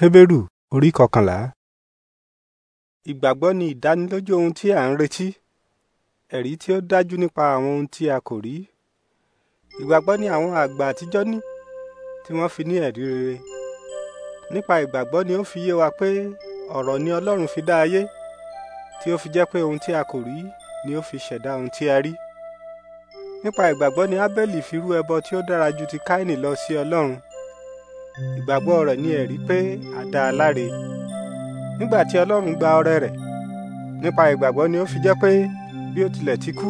Heberu, orí kọkànlá. Ìgbàgbọ́ ni ìdánilójú ohun tí a ń retí, ẹ̀rí tí ó dájú nípa àwọn ohun tí a kò rí. Ìgbàgbọ́ ni àwọn àgbà àtijọ́ ní tí wọ́n fi ní ẹ̀rí rere. Nípa ìgbàgbọ́ ni ó fi yé wa pé ọ̀rọ̀ ni Ọlọ́run fi dá ayé, tí ó fi jẹ́ pé ohun tí a kò rí ni ó fi ṣẹ̀dá ohun tí a rí. Nípa ìgbàgbọ́ ni Ábẹ́lì fi rú ẹbọ tí ó dára ju ti Káínì lọ sí Ọlọ́run ìgbàgbọ́ rẹ̀ ní ẹ̀rí pé a dá a láre nígbà tí ọlọ́run gba ọrẹ rẹ̀ nípa ìgbàgbọ́ ni ó fi jẹ́ pé bí ó tilẹ̀ ti kú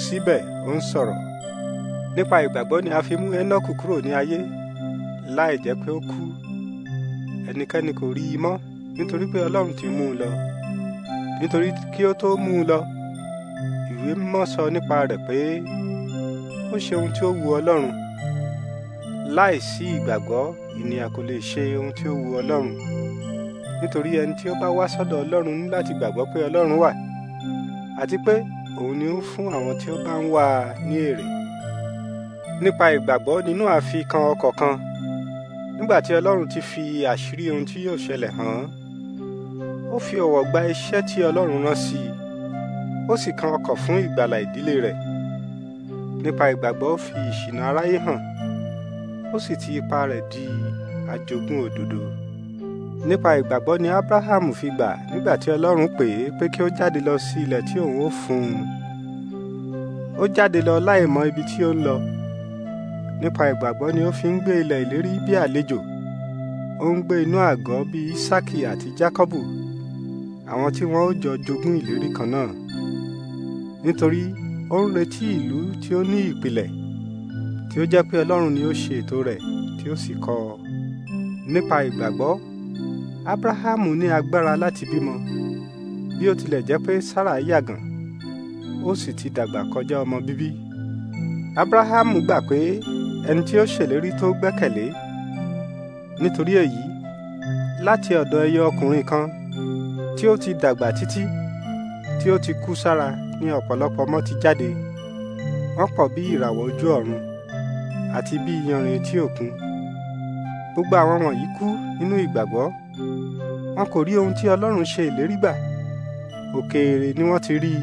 síbẹ̀ ó ń sọ̀rọ̀ nípa ìgbàgbọ́ ni a fi mú Énọ́kù kúrò ní ayé láì jẹ́ pé ó kú ẹnikẹ́ni kò rí i mọ́ nítorí pé ọlọ́run ti mú un lọ nítorí kí ó tó mú un lọ ìwé mímọ́ sọ nípa rẹ̀ pé ó ṣe ohun tí ó wu ọlọ́run láìsí ìgbàgbọ́ ènìyàn kò lè ṣe ohun tí ó wu ọlọ́run nítorí ẹni tí ó bá wá sọ́dọ̀ ọlọ́run ní láti gbàgbọ́ pé ọlọ́run wà àti pé òun ni ó ń fún àwọn tí ó bá ń wá a ní èrè nípa ìgbàgbọ́ nínú àfikàn ọkọ̀ kan nígbà tí ọlọ́run ti fi àṣírí ohun tí yóò ṣẹlẹ̀ hàn ó fi ọ̀wọ̀ gba iṣẹ́ tí ọlọ́run rán sí i ó sì kan ọkọ̀ fún ìgbàlà ìdílé rẹ̀ nípa ìgbàgbọ́ ó fi ìṣìnà aráyé hàn ó sì ti ipa rẹ̀ di àjogún òdodo. nípa ìgbàgbọ́ ni abrahamu fi gbà nígbà tí ọlọ́run pè é pé kí ó jáde lọ sí ilẹ̀ tí òun ó fún un. ó jáde lọ láì mọ ibi tí ó ń lọ. nípa ìgbàgbọ́ ni ó fi ń gbé ilẹ̀ ìlérí bí àlejò. ó ń gbé inú àgọ́ bí isaki àti jacobu àwọn tí wọn ó jọ jogún ìlérí kan náà. nítorí ó ń retí ìlú tí ó ní ìpìlẹ̀ tí ó jẹ́ pé Ọlọ́run ni ó ṣe ètò rẹ̀ tí ó sì kọ́ ọ. nípa ìgbàgbọ́ Ábúráhámù ní agbára láti bímọ bí ó tilẹ̀ jẹ́ pé Sárà yàgàn ó sì ti dàgbà kọjá ọmọ bíbí. Ábúráhámù gbà pé ẹni tí ó ṣèlérí tó gbẹ́kẹ̀lé nítorí èyí láti ọ̀dọ̀ ẹyọ ọkùnrin kan tí ó ti dàgbà títí tí ó ti kú sára ní ọ̀pọ̀lọpọ̀ ọmọ ti jáde wọ́n pọ̀ bí ìràwọ̀ ojú ọ̀run àti bí iyanrìn etí òkun gbogbo àwọn wọ̀nyí kú nínú ìgbàgbọ́ wọn kò rí ohun tí Ọlọ́run ṣe ìlérí gbà òkèèrè ni wọ́n ti rí i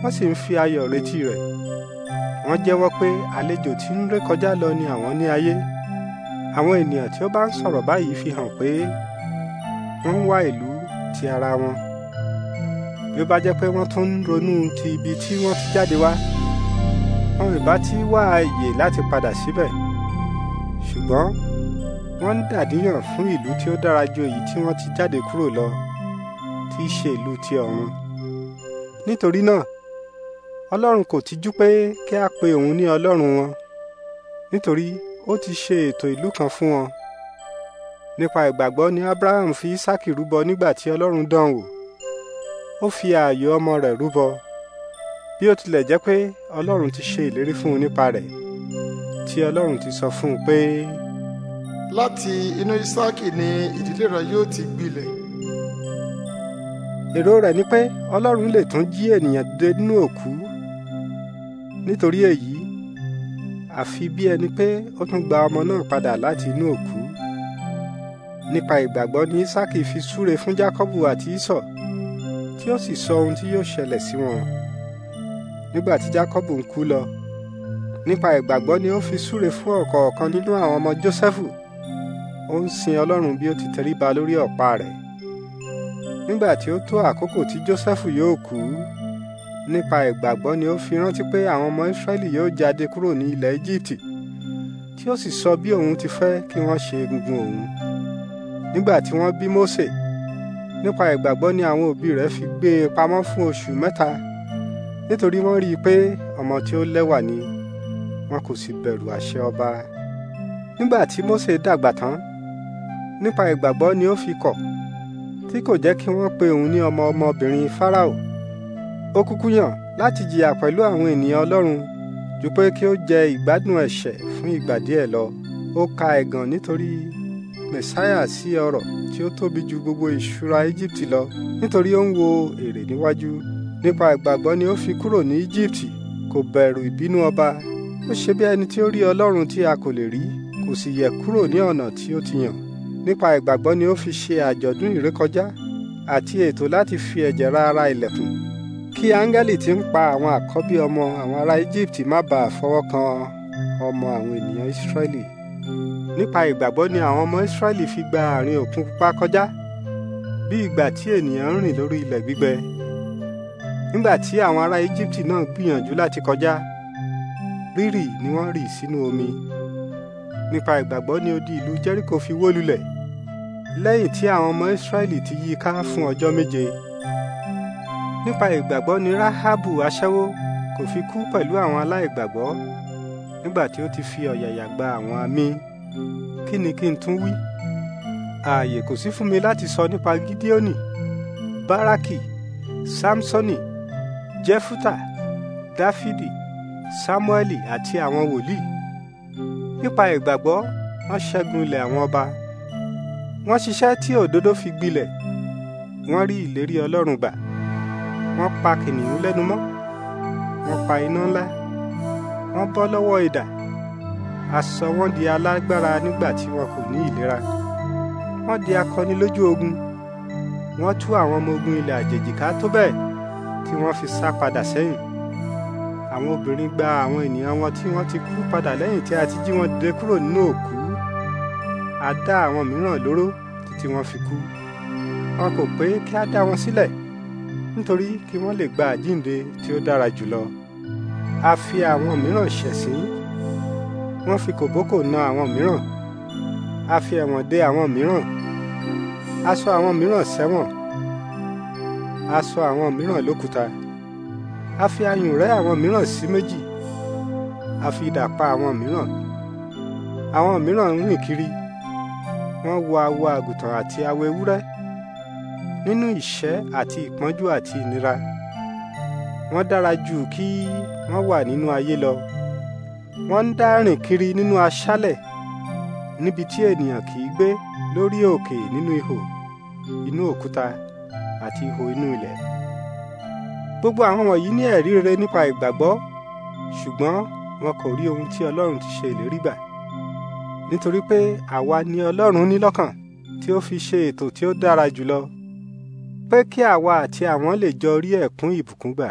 wọ́n sì ń fi ayọ̀ retí rẹ̀ wọ́n jẹ́wọ́ pé àlejò tí ń rékọjá lọ ni àwọn ní ayé àwọn ènìyàn tí ó bá ń sọ̀rọ̀ báyìí fi hàn pé wọ́n ń wá ìlú ti ara wọn bí ó bá jẹ́ pé wọ́n tún ń ronú ti ibi tí wọ́n ti jáde wá wọn ìbá ti wá ààyè láti padà síbẹ̀ ṣùgbọ́n wọ́n ń dàdíyàn fún ìlú tí ó dára ju èyí tí wọ́n ti jáde kúrò lọ tí í ṣe ìlú ti ọ̀run nítorí náà ọlọ́run kò tijú pé kí a pe òun ní ọlọ́run wọn nítorí ó ti ṣe ètò ìlú kan fún wọn nípa ìgbàgbọ́ ni abraham fi isaki rúbọ nígbà tí ọlọ́run dán wò ó fi ààyò ọmọ rẹ̀ rúbọ bí ó tilẹ̀ jẹ́ pé ọlọ́run ti ṣe ìlérí fún un nípa rẹ̀ tí ọlọ́run ti sọ fún un pé. láti inú Ísákì ni ìdílé rẹ yóò ti gbilẹ̀. èrò rẹ̀ ni pé ọlọ́run lè tún jí ènìyàn dé nínú òkú nítorí èyí àfi bí ẹni pé ó tún gba ọmọ náà padà láti inú òkú nípa ìgbàgbọ́ ni Ísákì fi súre fún Jákọ́bù àti Ísọ̀ tí ó sì sọ ohun tí yóò ṣẹlẹ̀ sí wọn nígbà tí Jákọ́bù ń kú lọ nípa ìgbàgbọ́ ni ó fi súre fún ọ̀kọ̀ọ̀kan nínú àwọn ọmọ Jósẹ́fù ó ń sin Ọlọ́run bí ó ti tẹríba lórí ọ̀pá rẹ̀ nígbà tí ó tó àkókò tí Jósẹ́fù yóò kú nípa ìgbàgbọ́ ni ó fi rántí pé àwọn ọmọ Ísírẹ́lì yóò jáde kúrò ní ilẹ̀ Íjíbítì tí ó sì sọ bí òun ti fẹ́ kí wọ́n ṣe egungun òun nígbà tí wọ́n bí Mósè nípa ìgbàgbọ́ ni àwọn òbí rẹ̀ fi gbé e pamọ́ fún oṣù mẹ́ta nítorí wọ́n rí i pé ọmọ tí ó lẹ́wà ni wọn kò sì bẹ̀rù àṣẹ ọba. nígbà tí Mósè dàgbà tán nípa ìgbàgbọ́ ni ó fi kọ̀ tí kò jẹ́ kí wọ́n pe òun ní ọmọ ọmọbìnrin Fáráò ó kúkú yàn láti jìyà pẹ̀lú àwọn ènìyàn Ọlọ́run ju pé kí ó jẹ ìgbádùn ẹ̀ṣẹ̀ fún ìgbà díẹ̀ lọ ó ka ẹ̀gàn nítorí Mẹ̀sáyà sí ọrọ̀ tí ó tóbi ju gbogbo ìṣúra Íjíbítì lọ nítorí ó ń wo èrè níwájú nípa ìgbàgbọ́ ni ó fi kúrò ní Íjíbítì kò bẹ̀rù ìbínú ọba ó ṣe bí ẹni tí ó rí Ọlọ́run tí a kò lè rí kò sì yẹ̀ kúrò ní ọ̀nà tí ó ti yàn nípa ìgbàgbọ́ ni ó fi ṣe àjọ̀dún ìrékọjá àti ètò láti fi ẹ̀jẹ̀ ra ara ilẹ̀kùn kí áńgẹ́lì tí ń pa àwọn àkọ́bí ọmọ àwọn ará Íjíbítì má bàa fọwọ́ kan ọmọ àwọn ènìyàn Ísírẹ́lì nípa ìgbàgbọ́ ni àwọn ọmọ Ísírẹ́lì fi gba àárín òkun pupa kọjá bí ìgbà tí ènìyàn ń rìn lórí ilẹ̀ gbígbẹ nígbà tí àwọn ará Íjíbítì náà gbìyànjú láti kọjá rírì ni wọ́n rì sínú omi nípa ìgbàgbọ́ ni odi ìlú Jẹ́ríkò fi wó lulẹ̀ lẹ́yìn tí àwọn ọmọ Ísírẹ́lì ti yí ká fún ọjọ́ méje nípa ìgbàgbọ́ ni Ráhábù aṣẹ́wó kò fi kú pẹ̀lú àwọn aláìgbàgbọ́ nígbà tí ó ti fi ọ̀yàyà gba àwọn àmì kí ni kí n tún wí ààyè kò sí fún mi láti sọ nípa Gídíónì Báràkì Sámsọ́nì jẹfútà dáfídì Samueli àti àwọn wòlíì nípa ìgbàgbọ́ wọ́n ṣẹ́gun ilẹ̀ àwọn ọba wọ́n ṣiṣẹ́ tí òdodo fi gbilẹ̀ wọ́n rí ìlérí ọlọ́run gbà wọ́n pa kìnìún lẹ́nu mọ́ wọ́n pa iná ńlá wọ́n bọ́ lọ́wọ́ idà a sọ di alágbára nígbà tí wọn kò ní ìlera wọ́n di akọni lójú ogun wọ́n tú àwọn ọmọ ogun ilẹ̀ àjèjì tó bẹ́ẹ̀ tí wọ́n fi sá padà sẹ́yìn àwọn obìnrin gba àwọn ènìyàn wọn tí wọ́n ti kú padà lẹ́yìn tí a ti jí wọn dìde kúrò nínú òkú a dá àwọn mìíràn lóró títí wọ́n fi kú wọn kò pé kí a dá wọn sílẹ̀ nítorí kí wọ́n lè gba àjíǹde tí ó dára jùlọ a fi àwọn mìíràn ṣẹ̀sín wọ́n fi kòbókò na àwọn mìíràn a fi ẹ̀wọ̀n dè àwọn mìíràn a sọ àwọn mìíràn sẹ́wọ̀n a sọ àwọn mìíràn lókùúta a fi ayùn rẹ́ àwọn mìíràn sí méjì a fi idà pa àwọn mìíràn àwọn mìíràn ń rìn kiri wọ́n wọ awọ àgùntàn àti awọ ewúrẹ́ nínú ìṣẹ́ àti ìpọ́njú àti ìnira wọ́n dára jù kí wọ́n wà nínú ayé lọ wọ́n ń dá rìn kiri nínú aṣálẹ̀ níbi tí ènìyàn kì í gbé lórí òkè nínú ihò inú òkúta àti ihò inú ilẹ̀. gbogbo àwọn wọ̀nyí ní ẹ̀rí rere nípa ìgbàgbọ́ ṣùgbọ́n wọn kò rí ohun tí ọlọ́run ti ṣe ìlérí gbà nítorí pé àwa ni ọlọ́run ní lọ́kàn tí ó fi ṣe ètò tí ó dára jùlọ pé kí àwa àti àwọn lè jọ rí ẹ̀kún ìbùkún gbà.